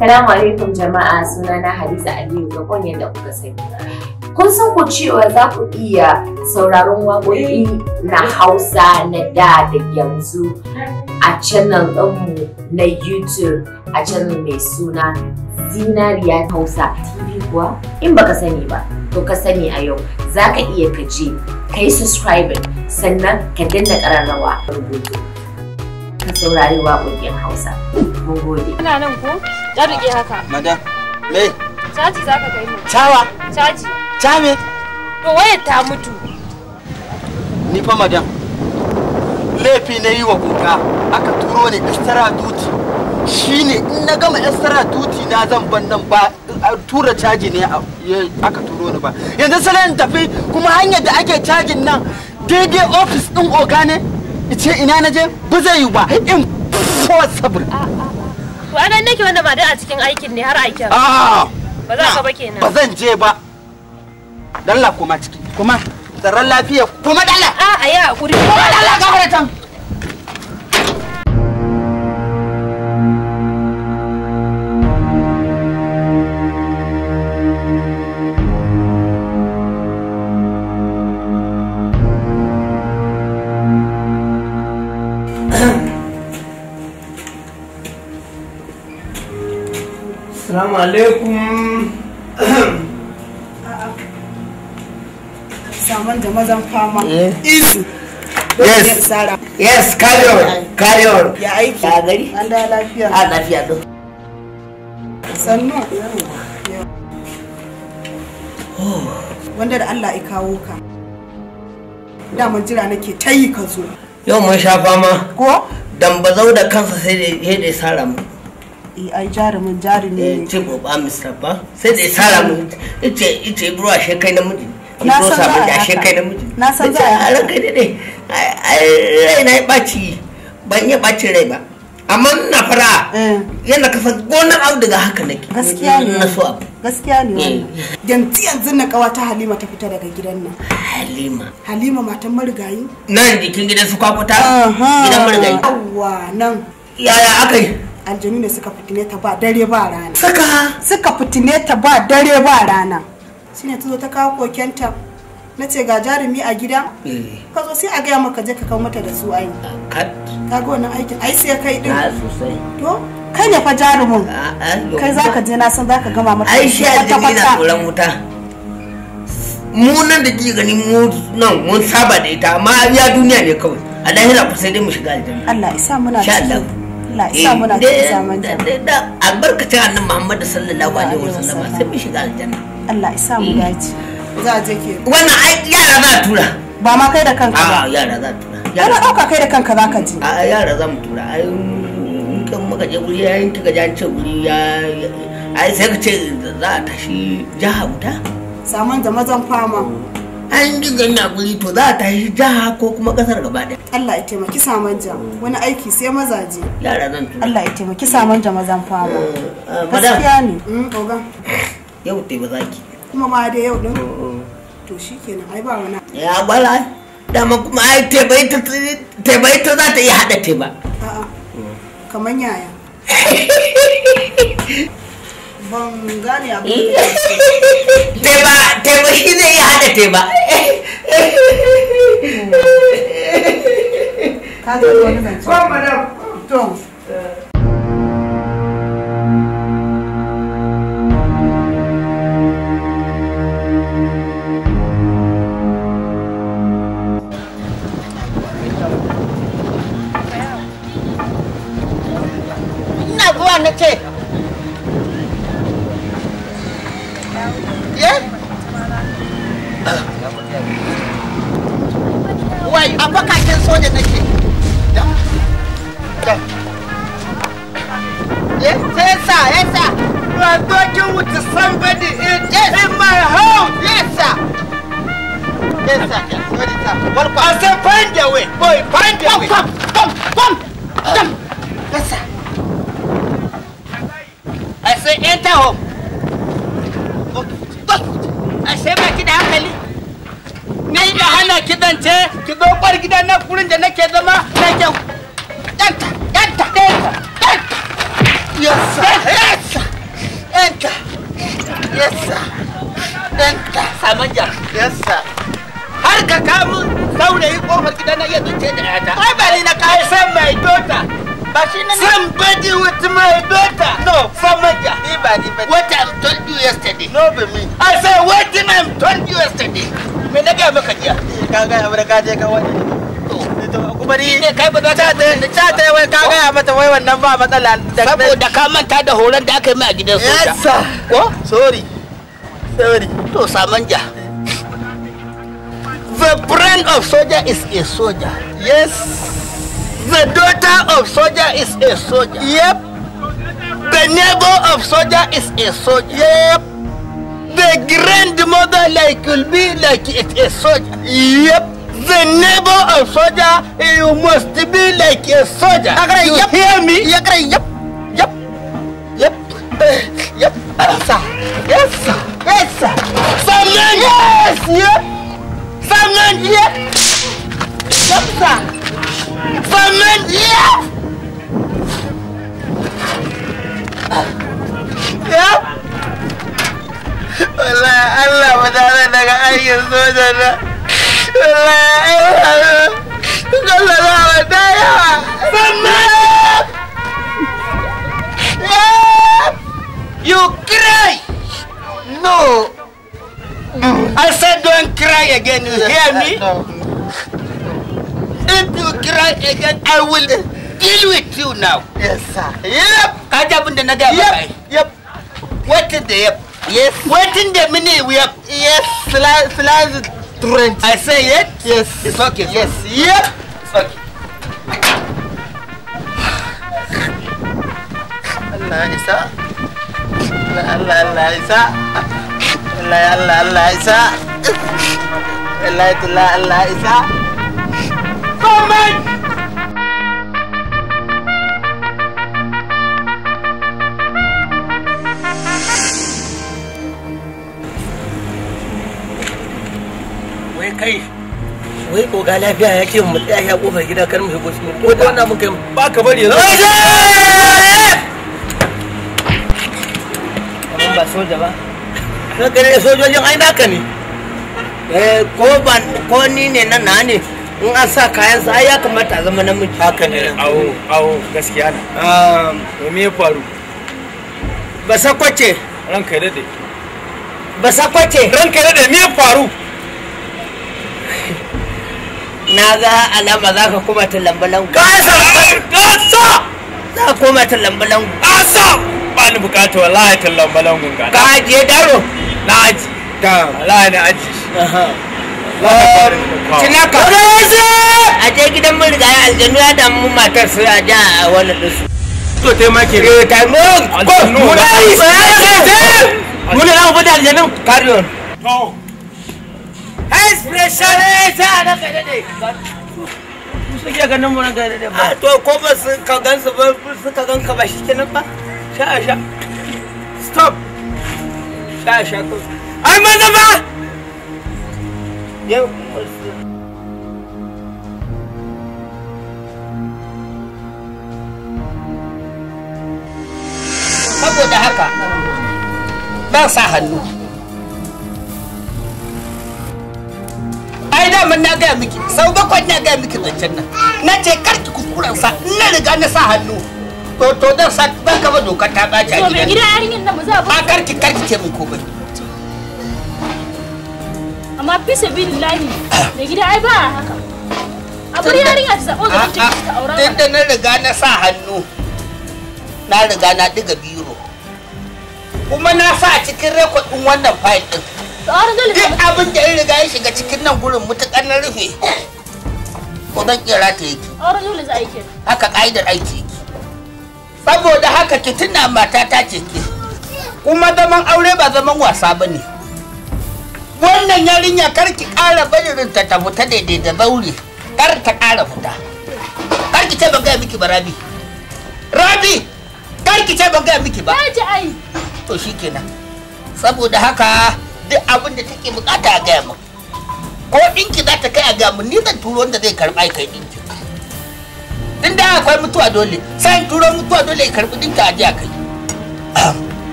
Salamu alaikum jama'a sunana Hadiza Aliyu da kunyan da kuka sani. Kun san ku cewa za ku iya sauraron waƙoƙi na Hausa na da da yanzu a channel ɗinmu na YouTube a channel mai suna Zinariya Hausa TV kuwa in baka sani ba to ka sani a yau za ka iya ka je ka yi subscribing sannan ka danna ƙararrawa rubutu ka saurari waƙoƙin Hausa. mun gode ina nan ko ta rike haka madam me caji zaka kai mu cawa caji ca me to wayar ta mutu ni fa madam laifi na yi wa kuka aka turo ni extra duty shine in na gama extra duty na zan ban nan ba tura caji ne aka turo ni ba yanzu sai in tafi kuma hanyar da ake cajin nan daidai ofis din oga ne ce ina na je ba zai yi ba impossible to a nan nake wanda ba dai a cikin aikin ne har aikin a ba za ka ba kenan ba zan je ba dalla kuma ciki kuma tsaron lafiya kuma dalla a a ya hakuri kuma dalla ga haratan Assalamu alaikum. Saman fama. Eh. Yes. Yes, carry on. Carry on. Ya aiki. Ya gari. lafiya. A ah, lafiya do. Wanda da Allah ya kawo ka. Daman jira nake Yau mun sha fama. Ko? Dan bazau da kansa sai da ya Eh, ai jarumin jarumi ne eh, ce gobe misra ba sai da tsara mu ce ce ibro a shekai namiji na san za a yi ah, haka na san za a ran kai dai ai rai na baci ban yi baci rai ba amma na fara eh. yana kafa gona abu daga haka nake gaskiya ne na so abu gaskiya ne yanzu yanzu na kawa ta halima ta fita daga gidan nan halima halima matan marigayi nan jikin gidan su kwakwata gidan marigayi yawwa nan yaya aka yi aljanu ne suka fitine ta ba dare ba rana suka suka fitine ta ba dare ba rana shine ta ta kawo kokenta na ce ga jarumi a gida eh. ka zo sai a gaya maka je ka kawo mata da su ai ka ga wannan aikin ai sai kai din to kai ne fa jarumin kai zaka je na san zaka gama mata ai shi aljanu na tsoron wuta mu nan da ji gani mu nan mun saba da ita amma ya duniya ne kawai a lahira ku sai dai mu shiga aljanna Allah isa muna cikin Allah ya sa muna cikin zaman jama'a albarkacin annabi Muhammadu sallallahu alaihi wasallam sai mu shiga aljanna Allah isa mu eh. dace za a je ke wannan ai yara za a tura ba ma kai da kanka ba yara za tura yara dauka kai da kanka za ka je a yara za mu tura ai kan muka je guri ya yanki ga jance guri ya ai sai ka ce za a tashi jaha guda saman da mazan fama an ji gani a guri to za a tashi jaha ko kuma kasar gaba ɗaya. Allah ya taimaki saman jam wani aiki sai mazaje. Yara zan Allah ya taimaki samanja mazan fama. Eh, eh, Gaskiya ne. Hmm, yau te ba za ki. Kuma ma da yau ɗin. Oh, oh. To shi kenan ai ba wani. Ya bala. Dama kuma ai tebai ta za ta iya haɗa teba. A'a. Kamar yaya. Menggani apa? Tiba, tiba ini ya ada tiba. Kau mana? Kau. Nak buat nak Welcome. I say find your way. Boy, find your come, way. Come, come, come, come. Yes, sir. I say enter home. I say back in the family. Ni da hana ki zance ki zo bar gidan nan gurin da nake zama na kyau. Enter, enter, yanta, yanta. Yes, sir. Yes, sir. Enter. Yes, sir. Enter. Samanja. Yes, sir. har ka kamu saurayi kofar gida na iya zuce da yata ai ba ni na kai san mai dota ba shi na somebody with my daughter no famaja ni ba ni ba what i told you yesterday no be me i say what did i told you yesterday me na ga maka jiya ka ga abin ka je ka wani kuma ni ne kai ba za ta ta ta wai ka ga mata wai wannan ba matsala saboda ka manta da horon da aka yi mai a gidan soja yes sir ko sorry sorry to saman samanja The brand of soldier is a soldier. Yes. The daughter of soldier is a soldier. Yep. The neighbor of soldier is a soldier. Yep. The grandmother like will be like it a soldier. Yep. The neighbor of soldier, you must be like a soldier. You yep. hear me? Yep. Yep. Yep. Yep. Yep. Yes, sir. Yes, sir. Yes, sir. Yes, yep. Femme Dieu Comme ça Femme Dieu Yep Wallahi Allah ba tare daga aikin soja na Wallahi Allah Kalla za mu daya Femme Yep You cry No I said, don't cry again. You hear me? If you cry again, I will deal with you now. Yes, sir. Yep. Yep. Yep. What is the yep? Yes. What in the minute we have? Yes. Slide, slide, drink. I say yes. Yes. It's okay. Sir. Yes. Yep. It's okay. Allah, Isa. Allah, Allah, Isa. Allah ya Allah Allah isa Allah ya Allah isa komai wai kai wai ko ga lafiya yake mu tsaya kofar gida kar mu shigo cikin ko da wannan mun kai ba ka bari ba soja ba na kare sojojin ai naka ne eh, ko ban ko ni ne na na ne in an sa kayan sa ya kamata a zama namiji haka ne awo eh, awo eh. gaskiya ne um, to me ya faru ba sakwace ranka ba na ga alama za ka koma ta lambalan gasa gasa za ka koma ta lambalan gasa ba ni bukata wallahi ta lambalan gunga ka je daro na aji wallahi na aji um, Cinaka. A je gidan mun riga aljanu ya damu matar su a ja a wani dusu. To te ma ke. Ke eh, ta mu. Ko mu na yi. Mu na mu da aljanu. Carry on. To. Expression ta na kai dai. Suke ganin mu na kai dai ba. Ah, to ko ba su ka gan su ba su ka gan ka ba shi kenan ba. Sha sha. Stop. sha sha ko ai maza ba yau saboda haka ba sa hannu ai daman na gaya miki sau bakwai na gaya miki zancen nan na ce karki kuskuren sa na riga na sa hannu to to dan sa ban dokar ta a gidan. To nan ba. karki karki ce komai. Amma fi me ai ba haka. A ta ah, ah, na riga na sa hannu na riga na diga biro. Kuma na sa cikin record wannan fayil ɗin. Duk abin da ya riga ya shiga cikin nan gurin rufe. Ko kira ta yake. dole za a yi Haka aiki. saboda haka ki tuna ta ce ki kuma zaman aure ba zaman wasa ba ne wannan yarinya kar ki ƙara barin ta ta fita daidai da zaure kar ta ƙara fita kar ki ce ban gaya miki ba rabi rabi kar ki ce ban gaya miki ba ji ai to shikenan saboda haka duk abin da take bukata a gaya mu ko ɗinki za ta kai a gaya mu ni zan turo wanda zai karɓa kai ɗinki din da akwai mutuwa dole sai turo mutuwa dole ya karbi dinka a kai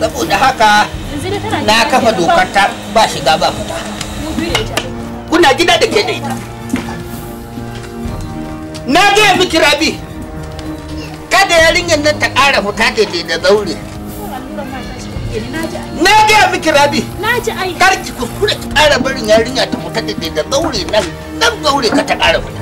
saboda haka na kafa dokar ta ba shiga ba fita kuna gida da ke da ita na gaya miki rabi kada yarinyar nan ta ƙara fita daidai da zaure na gaya miki rabi kar ki kuskure ki ƙara barin yarinya ta fita daidai da zaure nan nan zaure ka ta ƙara fita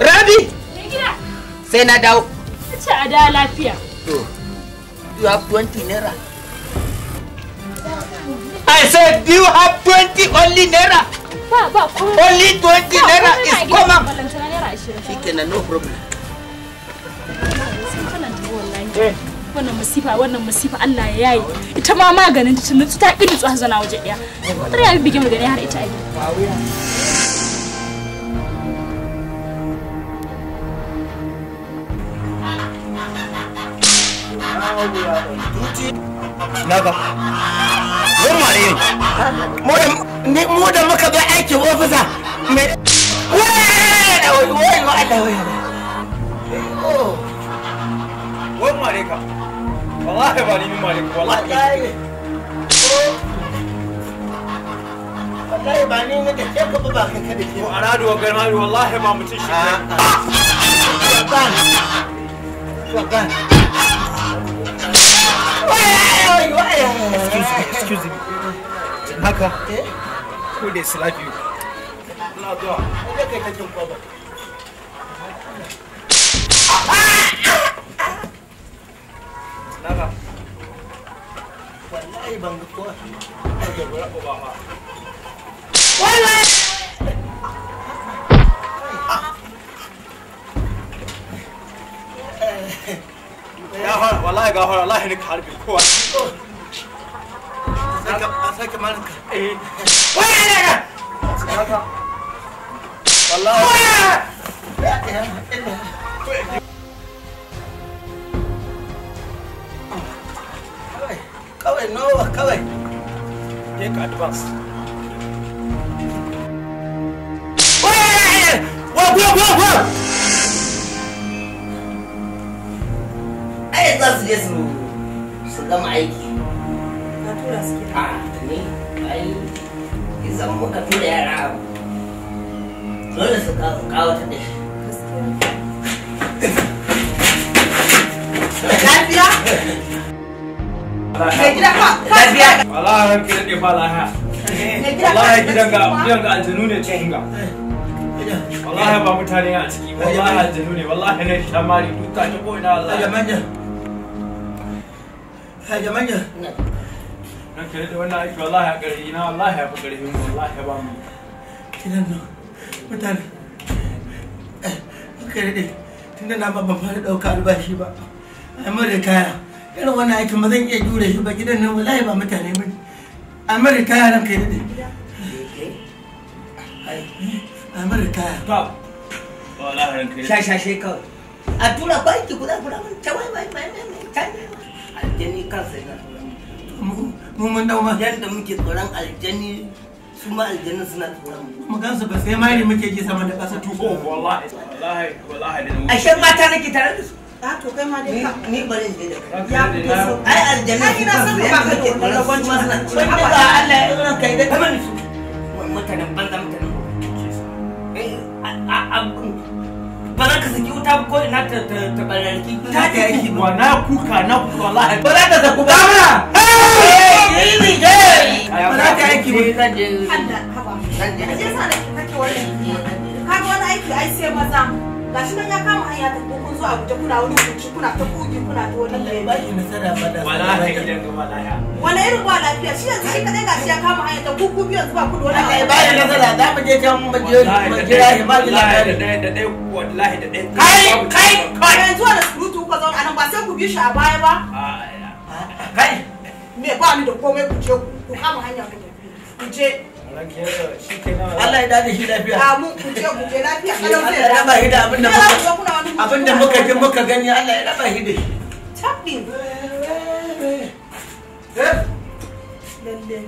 Rabi! Sai na dawo. Ce a da lafiya. To, you have 20 naira. I said, you have 20 only naira? Only 20 naira is common. Shi kenan, no problem. Eh. wannan masifa wannan masifa Allah ya yayi ita ma maganin ta ta ƙi nutsuwa zana waje ɗaya. wata ya bi bigin magani har ita a Naga. Mun mare ni. Mu da muka wai wai wai wai Wai ba ni mare ka wallahi. Wallahi excuse me haka slap you naka wallahi ko ba wallahi يا هول والله يا هول الله يهنيك حبيبي كويس عساك مالك ايه وين عليك والله وين لا اله الا قوي قوي نوه قوي ديك ادفانس gama aiki ka tura su ke a ne ai muka tura yara dole su da shi lafiya ga gidan ga aljanu ne cikin ga ba mutane a ciki aljanu ne ne shamari duka ta ko ina hajjamanya don da wannan aiki wallahi a ƙarfi na wallahi wallahi ba mu nan mutane eh, kare dai na babban fara albashi ba a mara kaya irin wannan aikin ba zan iya jure shi ba gidan nan wallahi ba mutane ba a kaya ran kai dai kaya ba wallahi a tura tawai mai mai mai mai aljani kansa yana tsoron mu mun dau ma yadda muke tsoron aljani su ma aljani suna tsoron mu kansa ba sai mari muke ji sama da kasa tuko wallahi wallahi wallahi a shan mata nake tare da su a to kai ma dai ni bari in je da ya fito so ai aljanin su ka ke tsoron mu suna tsoron Allah ya ranka ya da kamar su ta ko ta ta ta bararki ta ta yi na kuka na kuka wallahi ba za ta ba ni ga ba za ta ba zan je zan je sa da kake wannan wani aiki ai sai maza gashi nan ya kama hanya ta ko kun zo a guje kuna wani kunci kuna ta kogi kuna ta wani kai ba ni nasara da wallahi idan ga wallahi wala irin ba lafiya shi yanzu shi kadai gashi ya kama hanya ta ku ku biyan zuwa ku da wani ba ni nasara za mu je can mu je mu jira shi ba ni lafiya da da dai wallahi da dai kai kai kai yanzu da surutu ku zauna anan ba sai ku bi shi a baya ba ah, ah, ah. kai me ba ni da komai ku je ku kama hanya ku je Allah ya dade shi lafiya. Amin ku ce ku lafiya kalau sai ya raba shi da abin da muka abin da muka ji muka gani Allah ya raba shi da shi. Tabbi. Lalle.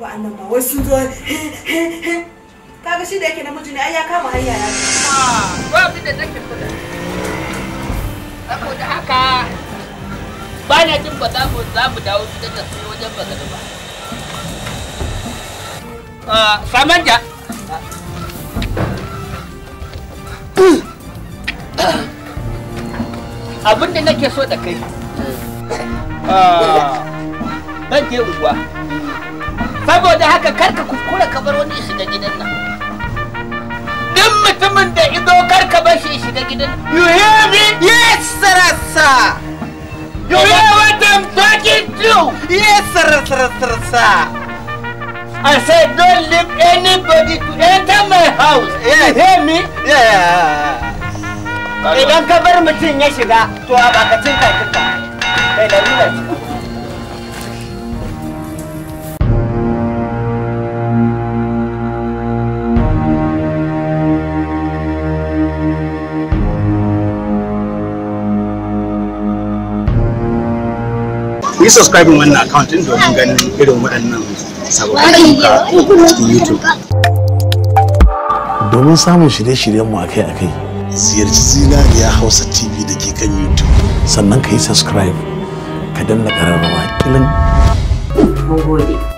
ba wai sun zo kaga shi da yake namiji ne ai ya kama hanya ya ah, ba abin da nake kuɗa saboda haka ba na jin ba za mu dawo gidan da su wajen ba ba samanja abin da nake so da kai ah, je unguwa saboda haka karka kuskura ka bar wani shiga gidan nan duk mutumin da ido karka bar shi shiga gidan you hear me yes sarasa you hear what i'm talking to yes I said, don't leave anybody to enter my house. Yeah. You hear me? Yeah. Idan ka bar mutum ya shiga, to a bakacin kakinka. Kai da nuna ce. ku yi subscribing wannan account din domin ganin irin waɗannan ka cikin YouTube. Domin samun shirye-shiryenmu akai-akai, ziyarci ya Hausa TV da ke kan YouTube. Sannan ka yi subscribe, ka danna ƙararrawa kilin. Mun